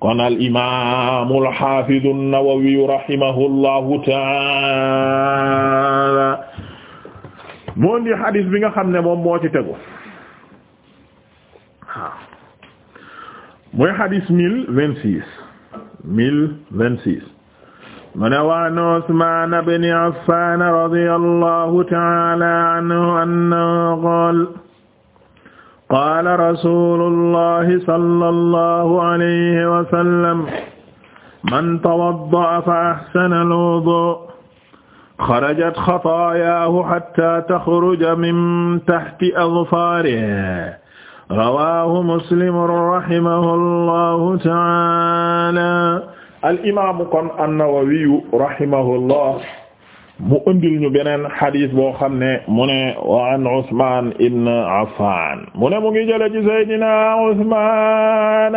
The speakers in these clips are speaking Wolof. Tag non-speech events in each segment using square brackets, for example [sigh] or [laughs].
kon al imaamul xaafidu nawawi rahimahullahu taala moo ndi xadis bi nga xam ne moom moo ci tegu waaw mooy xadis mille vingt six mille vingt six mu ne waan Usmaan ibn Affaan radiyallahu taala anhu annahu qaala qaala rasulullahi sallallahu alayhi wa sallam man tawadda'a fa ahsana al-wudu' xarajat xataayaahu xatta taxruja min taxti azfaarihi rawaahu muslim rahimahullahu ta'aala al imaamu kon an-Nawawi rahimahullah mu ëndil ñu beneen xadis boo xam ne mu ne wa an Usmaan ibn Affaan mu ne mu ngi jële ci Seydina Usmaan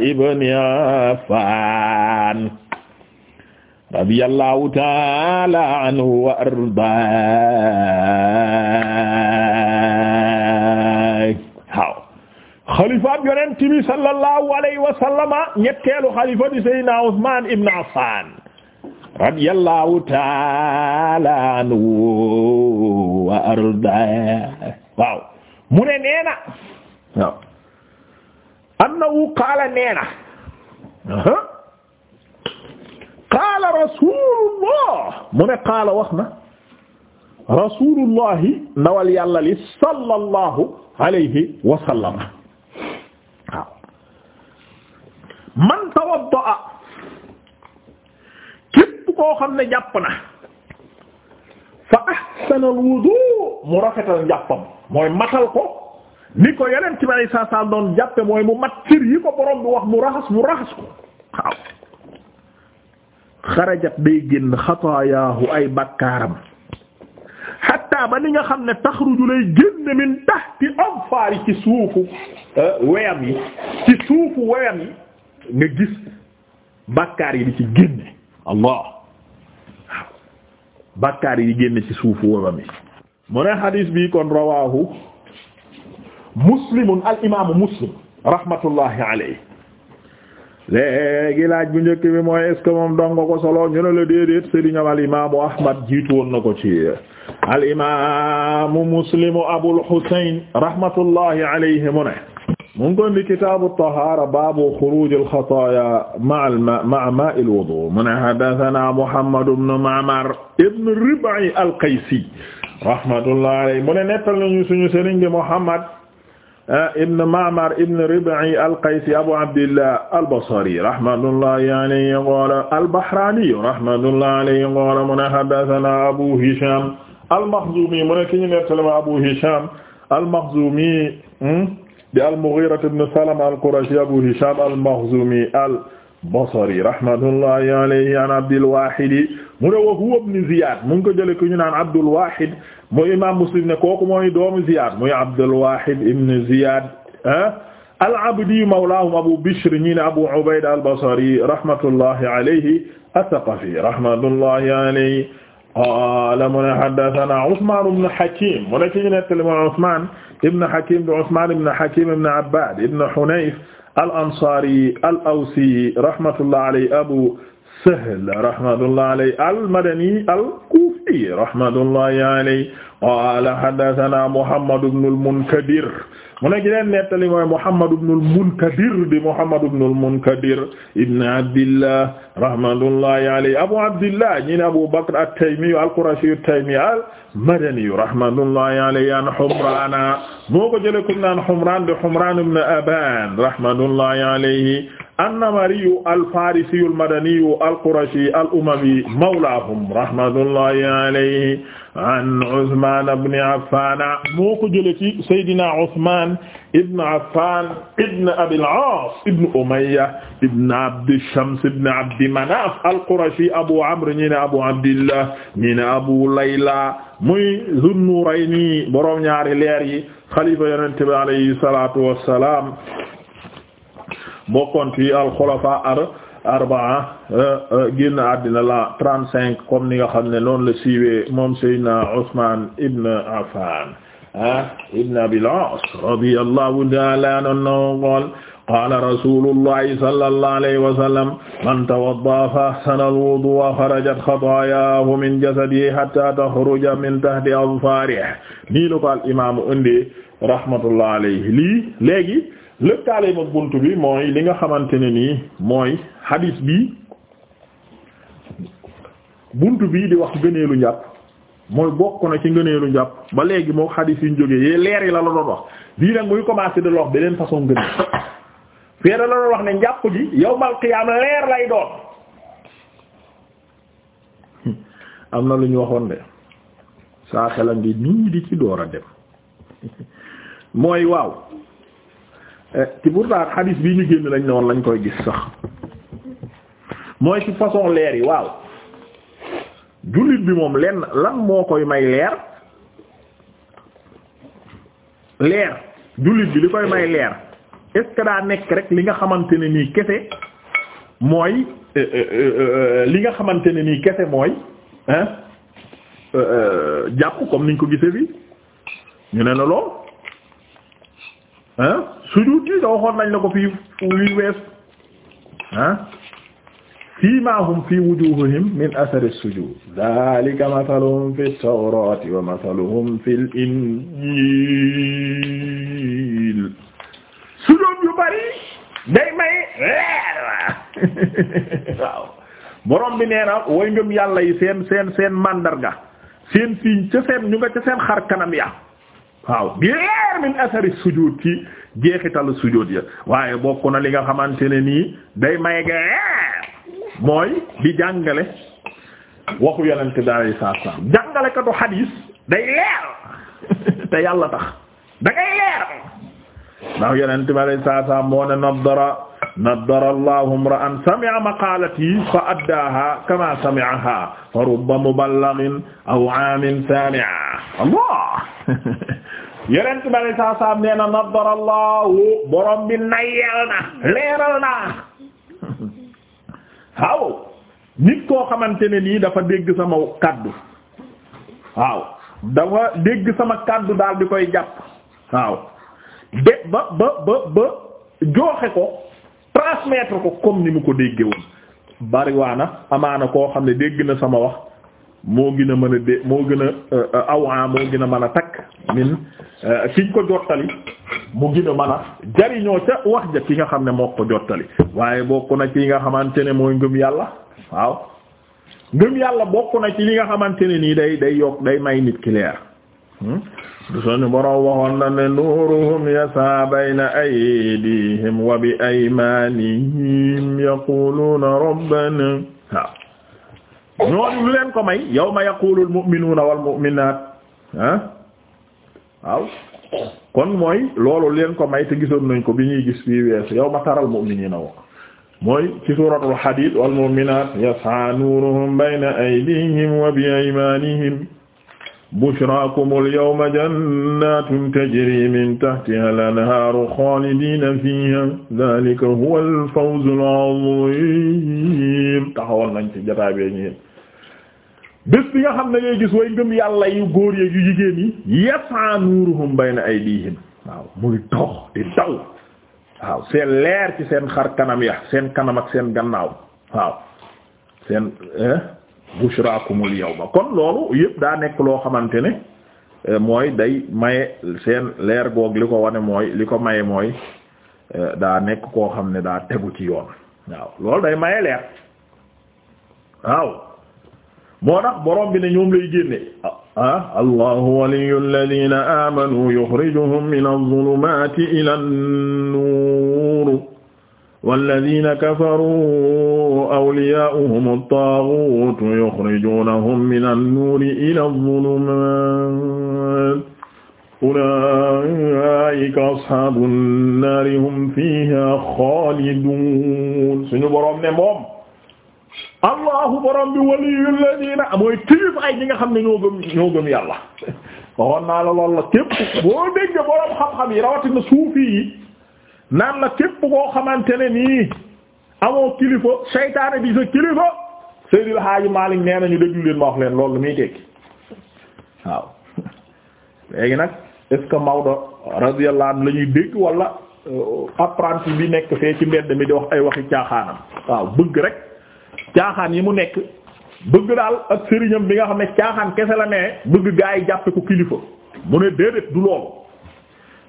ibn Affaan radiyallahu taala anhu wa ardaa waaw xalifa yonent bi sallallahu alayhi wa sallama ñetteelu xalifa di Seydina Usmaan ibn Affaan radiyallahu taala anhu wa arda waaw mu ne neena waaw annahu qaala neena qaala rasulullah mu ne qaala wax na rasulullahi ndawal yàlla li sallallahu alayhi wa sallam waaw man tawaddaa koo xam ne jàpp na fa ahsana al mu rafetal njàppam mooy matal ko ni ko yeneen ci bari doon jàppe mooy mu mat cër yi ko borom bi wax mu raxas mu raxas ko waaw xarajat day génn xataayaahu ay bakkaaram xatta ba ni nga xam ne taxruju lay génn min tahti anfaari ci suufu euh, weyam yi ci suufu weyam yi nga gis bakkaar yi di ci génne allah bakkaar yi génn ci suufu wobam mu ne xadiis bi kon rawaahu muslimun al imaamu muslim rahmatullahi alayhi léegi laaj bu njëkk bi mooy est ce que moom dong ko solo ñu ne la déedéet sëriñam al imaamu ahmad jiitu woon na ko ci al imaamu muslimu abul husayn rahmatullahi alayhi mu ne mu ngi koy indi kitaabu tahaara baabu xuruuj al-xataaya ma'a ma'a maa'il wudu mu ne haddasanaa Muhammad ibn Ma'mar ibn Rib'i al-Qaysi rahmatullahi alayhi mu ne nettal nañu suñu sëriñ bi Muhammad eh, ibn Ma'mar ibn Rib'i al-Qaysi Abu Abdillah al-Basri rahmatullahi alayhi qaala al-Bahraani rahmatullahi alayhi qaala mu ne haddasanaa Abu Hisham al-Makhzumi mu ne ki ñu nettal ma Abu Hisham al-Makhzumi hmm? di al-Mughira ibn Salama al-Qurashi Abu Hisham al-Makhzumi al-Basri rahmatullahi alayhi an Abdul Wahid mu ne wa huwa ibn Ziyad mu ngi ko jëlee ku ñu naan Abdul Wahid mooy imaam Muslim ne kooku mooy doomu Ziyad muy Abdul Wahid ibn Ziyad ah. al-Abdi mawlaahum Abu Bishr ñi ne Abu Ubayd al-Basri rahmatullahi alayhi at-Thaqafi rahmatullahi alayhi la mu ne haddathana Usman ibn Hakim mu ne ci ñu nettali mooy Usman ibn Hakim bi Usman ibn Hakim ibn Abbad ibn Hunayf al-Ansari al-Awsi rahmatullah alayhi Abu Sahl rahmatullah alayhi al-Madani al-Kufi rahmatullah alayhi qala haddathana Muhammad ibn al-Munkadir mu ne gineen nettali mooy Muhammad ibn al-Munkadir di Muhammad ibn al-Munkadir ibn Abdillah rahmatullahi alayhi Abu Abdillah ñi ne Abu Bakr at-Taymi al-Qurashi at-Taymi al-Madani rahmatullahi alayhi an Humraan moo ko jëlee ko naan Humraan di Humraan ibn Abaan rahmatullahi alayhi annamariyu alfarisiyu almadaniyu alqurashi alumami mawlaahum rahmatullahi alayhi an Usmaan ibn Affaan moo ko jëlee ci Seydina Usmaan ibn Affaan ibn Abil Aas ibn Umayya ibn Abdi Shams ibn Abdi Manaaf alqurashi Abu Amr ñi ne Abu Abdillah ñi ne Abu Layla muy Zunnurayni borom ñaari leer yi xalifa Yonent bi alayhi salaatu wa salaam bokkoon ci alxulafa ar arbaa euh, euh, génn àddina la trente-cinq comme ni nga xam ne noonu la siiwee moom Seydina Usmaan ibn Affaan ah, ibn Abil Aas radiyallahu ta'ala anhu qaala rasuulullahi sallallahu alayhi wa sallam man tawadda'a fa ahsana al-wuduu'a xarajat xataayaahu min jasadihi hattaa taxruja min tahti azfaarihi nii la ko al imaamu indi rahmatullahi alayhi lii léegi lëkkaale mag bunt bi mooy li nga xamante ne nii mooy hadis bi bunt bii di wax gëneelu njàpp mooy bokk na ci ngëneelu njàpp ba léegi moo hadis yi ñu yee leer yi la la wax bii nag muy commencé da la wax beneen façon ngëneel fee da la wax ne njàpp gi yawmal qiyaam leer lay doon am na lu ñu waxoon de saa xelam ngi nii di ci door a dem mooy waaw Eh, te pourtant xadiis bii ñu génn lañ ne woon lañ koy gis sax mooy ci façon leer yi waaw jullit bi moom lenn lan moo koy may leer leer jullit bi li koy may leer est daa nekk rek li nga xamante ne nii kese mooy eh, eh, li nga xamante ne nii kese mooy hein jàpp comme niñ ko gisee bi ñu ne la lool. ah sujud yi da waxoon nañ la ko fii wii wees ah fii ma hum fii min athari sujud dhalika mathaluhum fi at-tawrati wa mathaluhum fil injil yu bari day may [laughs] waaw borom bi nee way ngëm yàlla yi seen seen seen mandarga seen fiiñ ca seen ñu nga ca seen xar kanam ya waaw bi leer min asari sujud ci jeexital sujud waaye bokk na li nga xamante ne nii day may ga di jàngale waxu yonent bi alayhi salaam jàngalekatu xadiis day leer [laughs] te yàlla bi alayhi salaam moo ne nadara nadara allahu imra'an sami'a fa addaaha kama sami'aha fa rubba muballighin aw 'aamin [laughs] yeneen bari saa saa nee na nadarallahu borom bi nayal na leeral na waaw nit koo xamante ne nii dafa dégg sama kàddu waaw dafa dégg sama kaddu daal di koy jàpp waaw de ba ba ba ba jooxe ko transmettre ko comme ni mu ko dégge woon bariwaana amaana koo xam ne dégg na sama wax moo gën a mën a dé moo gën a euh, euh, awaa moo gën a man a takk min kiñ euh, ko jottali mu gën a mën a jariñoo ca wax ja ki nga xam ne moo ko jottali waaye bokk na ci nga xamante ne mooy ngëm yàlla waaw ngëm yàlla bokk na ci li nga xamante ne nii day day yokk day may nit ki leer hmm? du suñu boroom waxoon na ne nuuruhum yasaa bayna aydihim wa bi aymanihim yaquluna rabbana waaw ñooñu leen ko may yawma yaqulu al mu'minuuna wal ah, kon mooy loolu lu leen ko may te gisoon nañ ko bi ñuy gis fii weesu yawma taral mu'miniina wa mooy ci suuratul hadiid wal mu'minaat yas'aa nuuruhum bayna aydiihim wa bi aymaanihim bushraakumul yawma jannaatun tajrii min tahtihal anhaaru xaalidiina fiihaa zaalika huwal fawzul aziim taxawoon nañ ci jotaay bi ñi bés bi nga xam ne ngay gis way ngëm yàlla yu góor yeeg yu jigéen yi yasaa nuuruhum bayna aydihim waaw muy dox di daw waaw seen leer ci seen xar kanam ya seen kanam ak seen gannaaw waaw seen bushraakumul yawma kon loolu yépp daa nekk loo xamante ne euh, mooy day maye seen leer goog li ko wane mooy li ko maye mooy euh, daa nekk koo xam ne daa tegu ci yoon waaw loolu day maye leer waaw moo tax borom bi ne ñoom lay génne ah, ah allahu waliyu alladina amanu yuxrijuhum min alzulumati ila annuur walladina kafaru awliyaauhum attaaguutu yuxrijunahum min annuuri ila alzulumaat ulaa'ika ashaabun naari hum fiihaa xaaliduun suñu borom ne moom allahu borom bi waliyul ladina mooy kilifaay ñi nga xam ne ñoo gëm ñoo gëm yàlla [laughs] waxoon naa la loolu la képp boo dégg borom xam-xam yi rawatina suufi yi naan la képp koo xamante ne nii amoo kilifa seytaane bi sa kilifa Seydil Haaji Maalik nee na ñu déglu leen ma wax leen loolu lu muy tekki waaw [laughs] léegi nag est-ce que Maodo radiyallahu anhu la ñuy dégg walla euh, apprenti bi nekk fee ci mbedd mi di wax ay waxi caaxaanam waaw bëgg rek. caaxaan yi mu nekk bëgg daal ak sëriñam bi nga xam ne caaxaan kese la nee bëgg gaa yi jàppe ko kilifa mu ne déedéet du loolu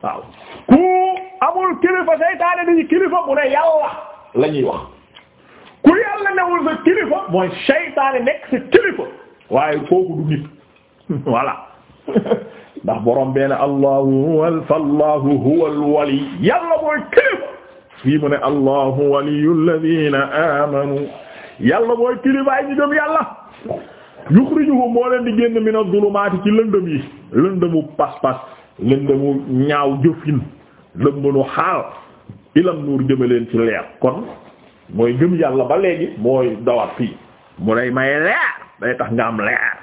waaw ku amul kilifa seytaane dañu kilifa mu ne yàlla la ñuy wax ku yàlla newul sa kilifa mooy seytaane nekk sa kilifa waaye kooku du nit [laughs] voilà [laughs] ndax borom benn allahu fa allahu huwa alwali yàlla mooy kilifa fii mu ne allahu waliyul ladina amanu yàlla mooy kilifaay ñu gëm yàlla yuxrijuhum moo leen di génn min az-zulumaati ci lëndëm yi lëndëmu pas-pas lëndëmu ñaaw jëfin lëndëmu xaal ilam nuur jëme leen ci leer kon mooy gëm yàlla ba léegi mooy dawat fii mu lay may leer day tax nga am leer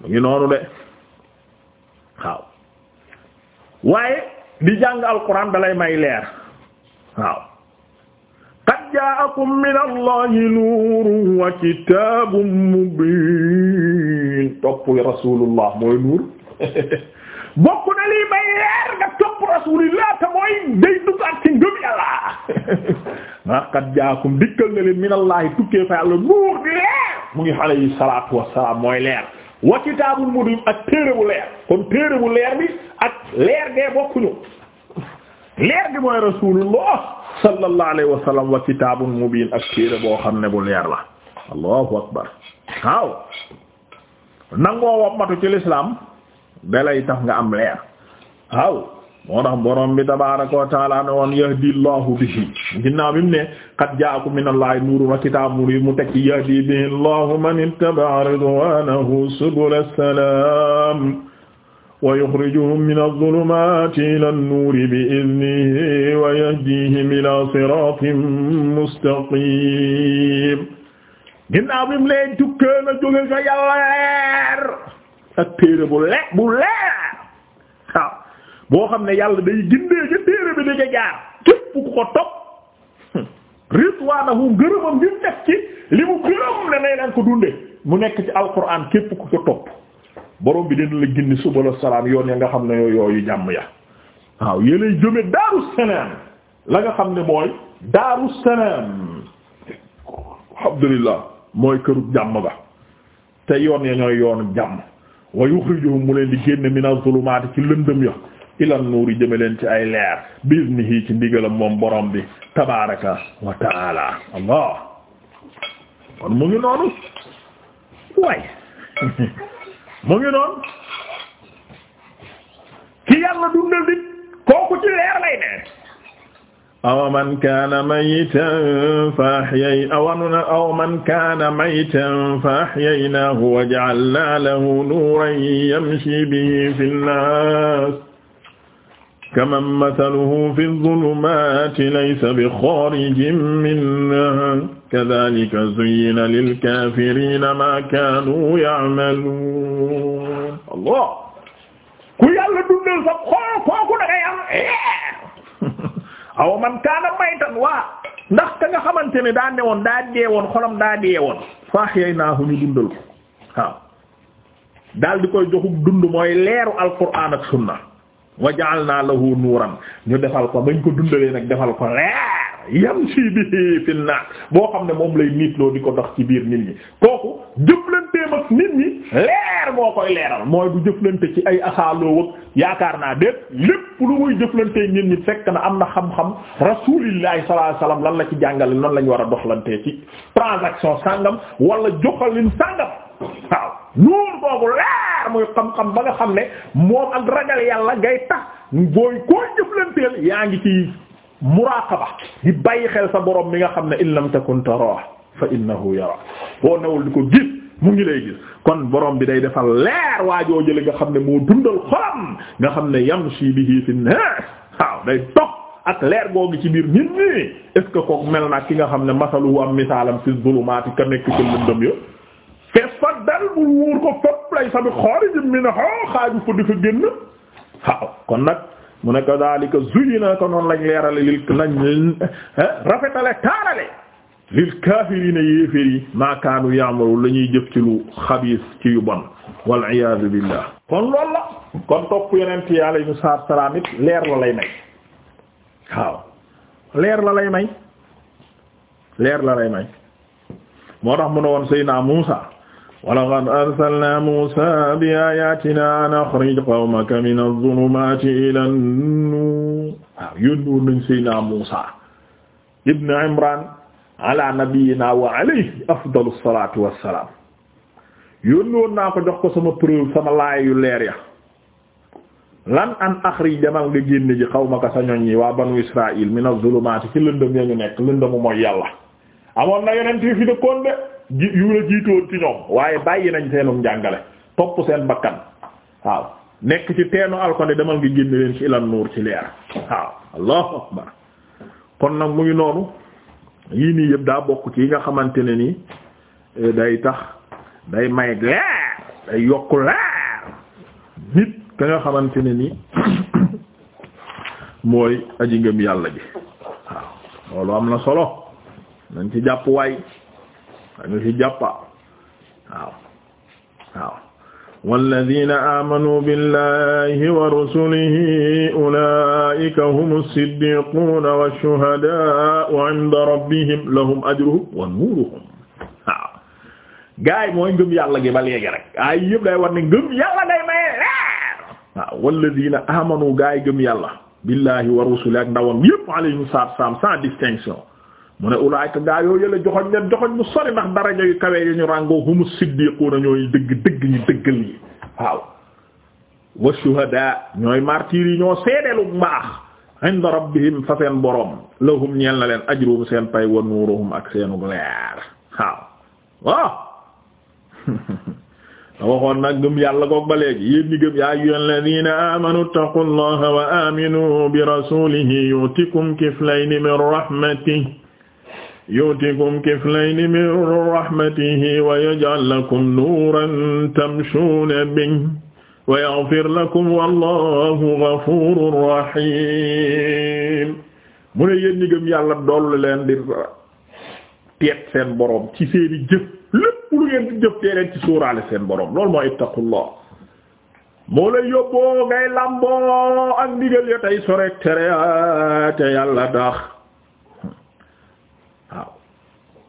mu ngi noonu de waaye di jàng alxuraan dalay may leer waaw jaakum min allahi nuurun wa kitaabun mubiin [laughs] leer nga topp rasulillah te mooy day duggaat ci ngëm yàlla [laughs] ah kat jaakum dikkal na leen nuur di leer mu ngi alayhi mooy leer wa kitaabun mubiin ak téere bu leer leer bi ak leer gee bokkuñu leer gi mooy rasulullah sallallahu wa sallam wa ak téere boo xam ne bu leer la allahu akbar waaw nangoo wommatu ci lislaam dalay tax nga am leer waaw moo tax borom bi tabaaraka wa taala ne yahdi llahu bihi ginnaaw bi ne qad jaakum min allahi nuurun wa kitaabun mubiin mu tekki yahdi bihi llahu man ittaba'a ridwaanahu subula salaam wa yuxrijuhum min az-zulumaati ila an-nuuri bi-iznihi wa yahdiihim ila siraatin mustaqiim ginnaaw bi mu leen tukkee na jóge sa yàlla leer ak téere bu leer bu leer waaw boo xam ne yàlla day gindee ca téere bi di ca jaar képp ku ko topp ridwaanahu gërëmam bi mu def ci li mu gërëm ne nay leen ko dunde mu nekk ci alquran képp ku ko topp borom bi dina la gindi suba la salaam yoon ya nga xam ne yooyu jàmm ya waaw yéenay jëme daaru salaam la nga xam ne mooy daaru salaam alhamdulillah mooy këru jàmm ba te yoon ya ñooy yoonu jàmm wa yukhrijuhum mu leen di génne mina zulumaati ci lëndëm ya ilan nuuri jëme leen ci ay leer bismihi ci ndigalam moom borom bi tabaraka wa allah kon mu ngi noonu waaye [laughs] mu ngi noonu ki yàlla dundal nit kooku ci leer lay ne aw man kaana maytan fa ahyay awanuna aw man kaana maytan fa ahyaynaahu wa ja'alnaa lahu nuuran yamshi bihi fin naas kaman mathaluhu fi dhulumaati laysa bi xaarijin minhaa kadhaalika zuyyina lil kaafiriina maa kaanuu ya'maluun Allah ku yàlla dundal sa xool kooku da ngay am eh! [laughs] aw man kaana maytan waa ndax ka nga xamante ne daa newoon daa deewoon xolam daa deewoon fa ahyaynaahu ñu dundal ko waaw daal di koy joxub dund mooy leeru Alquraan ak sunna wa ja'alna lahu nuuran ñu defal ko bañ ko dundalee nag defal ko leer yamshi bihi fi an-nas boo xam ne moom lay loo di ko dox ci biir nit ñi kooku jëflanteem ak nit ñi leer moo koy leeral mooy du jëflante ci ay asaaloo wëg yaakaar naa déet lépp lu muy jëflantee nit ñi fekk na am na xam-xam rasulillahi sallallahu alayhi lan la ci jàngale noonu lañ war a doxlantee ci transaction sàngam wala joxalin sàngam waaw nuur boobu leer muy xam-xam ba nga xam ne moom ak ragal yàlla ngay tax booy koo jëflanteel yaa ngi ci muraqaba di bàyyi xel sa borom bi nga xam ne in lam takun tara fa innahu yara boo newul di ko gis mu ngi lay gis kon borom bi day defal leer waajoo jële nga xam ne moo dundal xolam nga xam ne yamshi bihi fi nas waaw day topp ak leer googu ci biir nit ñi est ce mel na ki nga xam ne masalu am misaalam fi zulumaati ka nekk ci dal bu wuur ko fépp lay sabi xaarij minha xaaju fa di fa génn waaw kon nag mu ne ko daalika zuyina ko noonu lañ leerale lil lañ eh, rafetale taarale lil kaafiriina yéeféer yi maakaanu yaamalu la leer la lay may leer la lay may leer la lay may moo tax mu ne woon Seydina Muusa walaqad arsalnaa Muusaa bi aayaatinaa an axrij qawmaka mina zulumaati ilaa nuur waaw yónnoon nañ Seydina Muusaa ibn Imraan ala nabiyyinaa wa alayhi afdalu salaatu wa salaam yónnoon naa ko jox ko sama preuve sama laay yu leer ya lan an axrij demal nga génne ji qawmaka sa ñoñ yi waa banu Israa'iil mina zulumaati ci lëndëm ya ñu nekk lëndëmu mooy yàlla amoon na yeneen fi dëkkoon de yu la jiitoon ci ñoom waaye bàyyi nañ seenum njàngale topp seen bakkan waaw nekk ci teenu alkone demal nga génn leen ci ilan nuur ci leer waaw allahu akbar kon nag muy noonu yii nii yëpp daa bokk ci yi nga xamante ne nii eh, day tax day may leer day yokk leer nit ka nga xamante ne nii [coughs] mooy aji ngëm yàlla ji waaw loolu am na solo nañ ci jàpp waay dañu ci jàppa waaw waaw walladina amanu billahi wa rusulihi ulaika humu siddiquna washuhadaa'u 'inda rabbihim lahum ajruhum wa nuuruhum waaw gaay mooy ngëm yàlla gi ba léegi rek ay yëpp day war ne ngëm yàlla day may leer waaw walladina amanu gaay gëm yàlla billahi wa rusulihi ak ndawam yëpp alayhimu salaam sans distinction mu ne ulaayka gaa yoo yële joxoñ leen joxoñ mu sori ndax daraja yu kawe yu ñu ràngoo humu siddiquuna ñooy dëgg dëgg ñi dëggal yi waaw wa shuhadaa ñooy martyr yi ñoo seedeelu mbaax inda rabbihim fa seen boroom lahum ñeel na leen ajruhum seen pay wa nuuruhum ak seenu leer waaw [laughs] waxoon nag gëm yàlla goog ba léegi yéen ñi gëm yaa ayyuha alladhina amanu ittaqullaha wa aminu bi rasulihi yu'tikum kiflayni min rahmatihi yutikum kiflayni min rahmatihi wa yaj'al lakum nuuran tamshuuna bihi wa yaghfir lakum wallahu ghafurur rahim mu ne yéen ñi gëm yàlla dolli leen di teet seen boroom ci seeni jëf lépp lu ngeen di jëf tee leen ci suuraale seen boroom loolu moo ittaqullah moo lay yóbboo ngay làmboo ak ndigal ya tey sorek tere te yàlla tax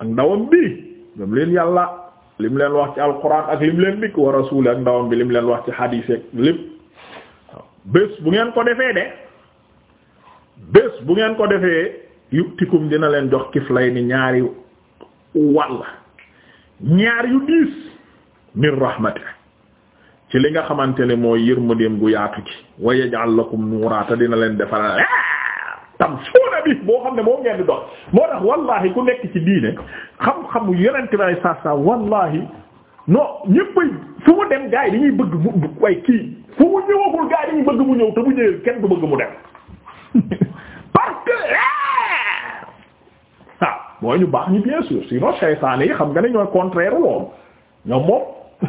ak ndawam bi gëm leen yàlla lim leen wax ci alquran ak lim leen dikk wa rasul ak ndawam bi lim leen wax ci hadith ak lépp bés bu ngeen ko defee de bés bu ngeen ko defee yuktikum dina leen jox kiflay ni ñaari walla ñaar yu diis min rahmati ci li nga xamante ne mooy yërmandeem gu yaatu ci wa yaj'al lakum nuuraata dina leen defal tam suuna bi boo xam ne moom ngeen di dox moo tax wallahi ku nekk ci diine xam-xamu yeneen tubaab yi saa saa wallahi non ñëppay fu mu dem gaa yi dañuy bëgg mu way kii fu mu ñëwagul gaa dañuy bëgg mu ñëw te bu ñëwee kenn du bëgg mu dem [laughs] parce que eh! ah mooy ñu baax ñu bien sûr sinon seytaane yi xam nga ne ñooy contraire loolu ñoom moom [laughs]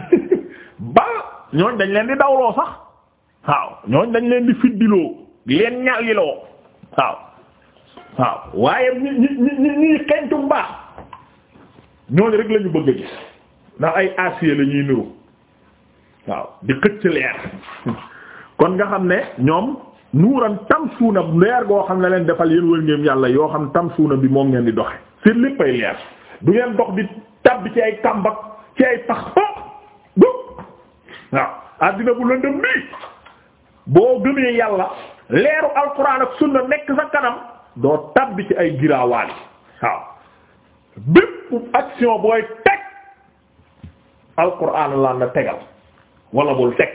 ba ñooñ dañ leen di dawloo sax waaw ñooñ dañ leen di fiddiloo leen ñàlliloo waaw waaw waaye ñi ñi ñi ñi xentu mbaax ñooñu rek la ñu bëgg a gis ndax ay acier lañuy ñuy niru waaw di xëcc leer [laughs] kon nga xam ne ñoom nuuran tam suuna leer goo xam ne leen defal yéen wër ngeen yàlla yoo xam tam suuna bi moom ngeen di doxe ci léppay leer du ngeen dox di tab ci ay kàmba ci ay pax waaw addina bu lëndëm bi boo gëmee yàlla leeru alquran ak sunna nekk sa kanam doo tabbi ci ay giraawaal waaw bépp action booy teg alquran laan la tegal wala bul teg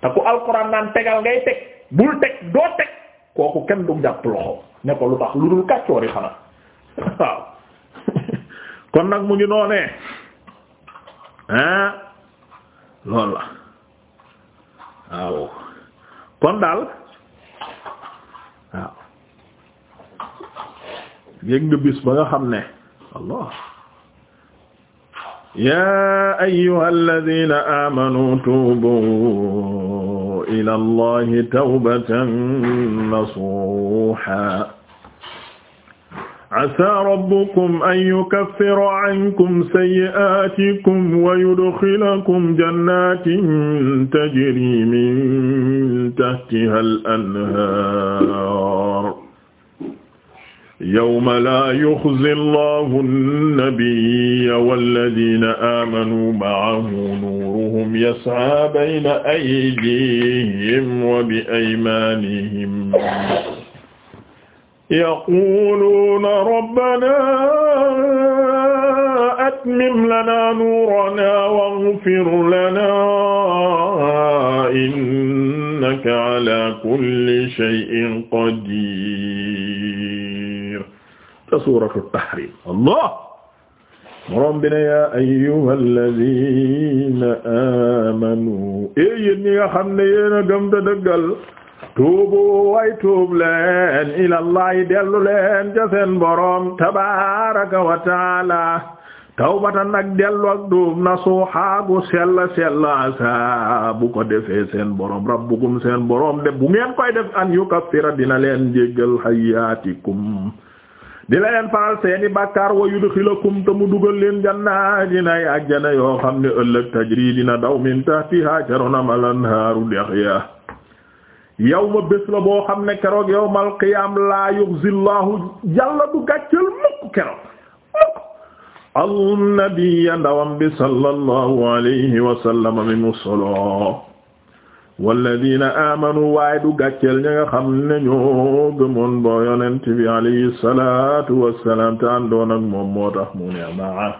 te ku alquran naan tegal ngay teg bul teg doo teg kooku kenn du jàpp loxo ne ko lu tax lu dul kàccoori xanaa [laughs] waaw [laughs] kon nag mu ngi noonee ah loolu la waaw kon daal yëg nga bis ba nga xam ne allah yaa ayyuha alladina amanu tuubu ila allahi tawbatan nasuha asaa rabbukum an yukaffira ankum sayyi'aatikum wa yudxilakum jannatin tajri min tahtiha al-anhaar yawma laa yuxzi allahu nabiyya walladiina aamanuu ma'ahu nuuruhum yas'aa bayna aydiihim wa bi aymaanihim yaquuluuna rabbanaa atmim lanaa nuuranaa waghfir lanaa innaka alaa kulli shay'in qadiir te suuratu tahrim allah borom bi ne yaa ayyuhalladhina amanu e yéen ñi nga xam ne yéen a gëm te dëggal tuubu way tuub leen ilallahi dellu leen ca seen borom tabaraka wa taala tawbatan nag dellu ak duub nasuha gu sell sell sa bu ko defee seen borom rabbukum seen borom de bu ngeen koy def an yukaffira dina leen jéggal hayatikum di leen faral seeni bàkkaar wa yudxilakum te mu dugal leen jannaatin ay ajjana yoo xam ne ëllëg tajri dina daw min tahtiha caronam alanhaaru dex ya yawma bés la boo xam ne keroog yawmal qiyaam laa yuxzillahu yàlla du gàcceel mukk keroog mukk an nabiyya ndawam bi sallallahu alayhi wa sallam mi mu solo walladina amanu waaye du gàcceel ña nga xam ne ñoo gëmoon ba yonent bi alayhi salatu wassalam te àndoon ak moom moo tax mu ne maa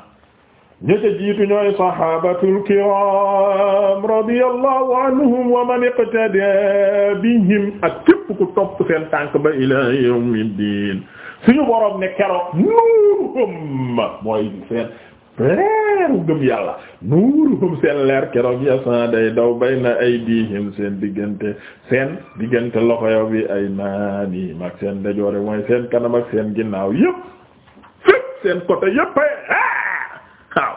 ñi ca jiitu ñooy sahabatul kiram radiyallahu anhum wa man iqtada bihim ak képp ku topp seen tànk ba ila yawmiddin suñu boroom ne keroog nuuruhum mooy seen leeru gëm yàlla nuuruhum seen leer keroog yasan day daw bayna aydihim seen diggante seen diggante loxo yow bi ay naani mag seen dajoore mooy seen kanam ak seen ginnaaw yépp fépp seen côté yépp waaw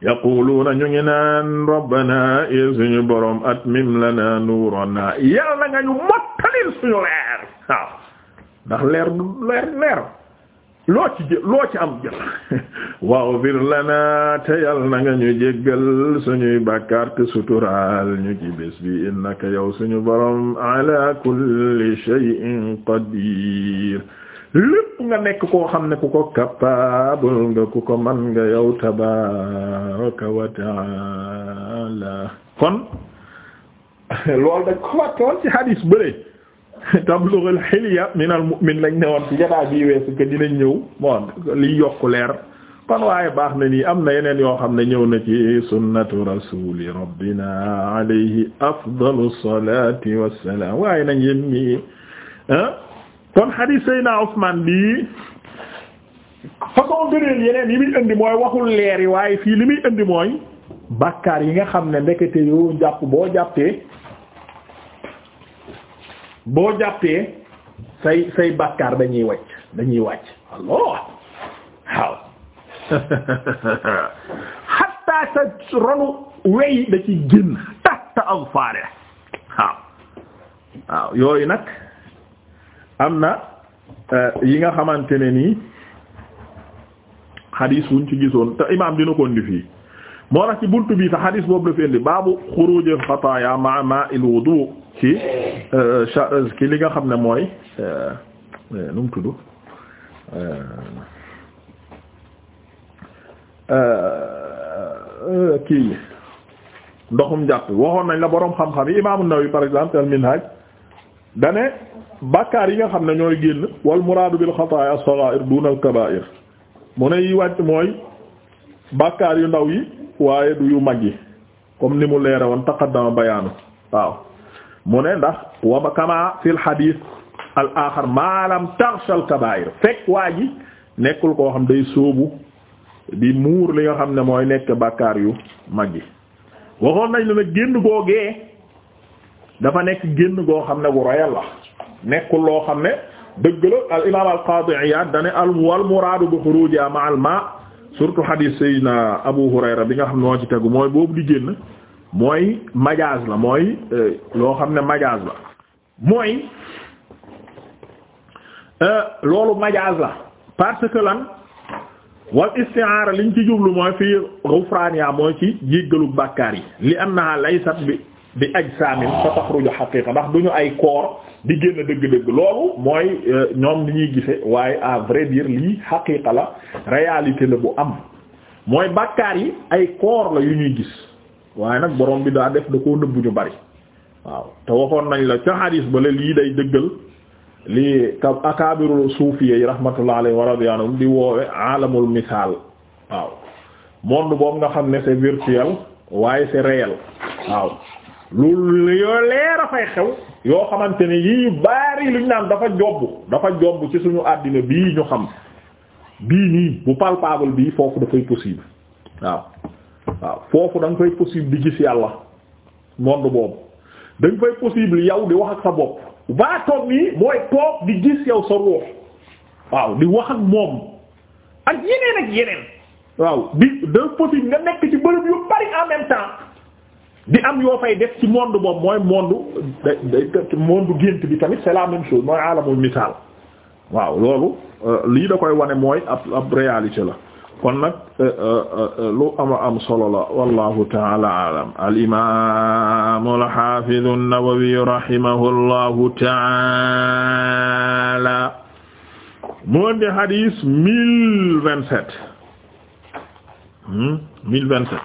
yaquluuna ñu ngi naan rabbana yee eh suñu borom atmim lana nuurana yàlla nga ñu mottalil suñu leer waaw ndax leer leer leer loo ci jë loo ci am jël [laughs] waghfir lana te yal na nga ñu jéggal suñuy bàkkaar te suturaal ñu ci bés bi innaka yow suñu borom ala kulli shay'in qadir lépp nga nekk koo xam ne ku ko capable nga ku ko man nga yow tabaraka wa taala kon [laughs] loolu dañ ko wàccoon ci hadis bëre [laughs] tablugh al hilya min al mu'min lañ ne woon ci jotaay bii weesu que dinañ ñëw bon liy yokk leer kon waaye baax na nii am na yeneen yoo xam ne ñëw na ci sunnatu rasuli rabbina alayhi afdalu salati wassalam waaye nañ yéen ñi ah, kon hadith sayna Usman bi façon gëneel yeneen yi muy indi mooy waxul leer yi waaye fii li muy indi mooy bàkkaar yi nga xam ne ndekete yoo jàpp boo jàppee boo jàppee say say bàkkaar dañuy wàcc dañuy wàcc Allah waaw xatta [laughs] sa ronu wey da ci génn tahta azfaare waaw waaw yooyu nag am na eh, yi nga xamante ne nii xadiis wuñ ci gisoon te imaam dina ko fii moo tax ci buntu bii sax xadiis boobu la fi indi baabu xuruujil xataaya ma'a maa'il wudu ci ki euh, euh, li nga xam ne mooy euh, nu mu tudd kii ndoxum jàpp waxoon nañ la boroom xam-xam yi imaamu yi par exemple al minhaj dane bàkkaar yi nga xam ne ñooy génn wal muraadu bil xataaya as-sagha'ir duna al mu ne yi wàcc mooy bàkkaar yu ndaw yi waaye du yu mag yi comme ni mu leere woon taqaddama bayaanu waaw mu ne ndax wa kama fil hadith al axar maalam tarsha al kabaayir fekk waa ji nekkul koo xam day sóobu di muur li nga xam ne mooy nekk bàkkaar yu mag yi waxoon nañ la nag génn googee dafa nekk génn goo xam ne bu royal la nekkul loo xam ne dëgg la al imaam al qaadi Iyaad dane al wal muraadu bi xuruuja ma al ma surtout hadith sayyidina Abu Hurayra bi nga xam ne moo ci tegu mooy boobu di génn mooy majaas la mooy euh, loo xam ne majaas la mooy euh, loolu majaas la parce que lan wal liñ ci jublu mooy fii ghufraniya mooy ci jéggalu bàkkaar yi li annaha laysat bi bi ajsamin fa taxruju xaqiqa ndax duñu ay koor di génn dëgg-dëgg loolu mooy euh, ñoom li ñuy gise waaye à vrai dire lii xaqiqa la réalité la bu am mooy bàkkaar yi ay koor la yu ñuy gis waaye nag boroom bi daa def da koo nëbbu ñu bari waaw te waxoon nañ la ca hadis ba la lii day dëggal lii ka akabiru suufiya yi rahmatullah alayhi wa radiya di woowe alamul misaal waaw monde boobu nga xam ne c'est virtuel waaye c'est réel waaw lu yoo leer a fay xew yoo xamante ni yii bari luñ naan dafa jobb dafa jobb ci suñu àddina bii ñu xam bii nii bu palpable bii foofu dafay possible waaw waaw foofu da nga fay possible di gis yàlla monde boobu da nga fay possible yow di wax ak sa bopp baa toog nii mooy toog di gis yow sa ruux waaw di wax ak moom ak yeneen ak yeneen waaw di da possible nga nekk ci bërëb yu bari en même temps di am yoo fay def ci monde boobu mooy monde day day monde gént bi tamit c'est la même chose mooy alamul misaal waaw loolu euh, lii da koy wane mooy ab ab réalité la kon nag euh, euh, euh, lu ama am solo la wallahu taala alam al imam al hafiz an-Nawawi rahimahullahu taala mu indi hadis mille vingt sept hmm? mille vingt sept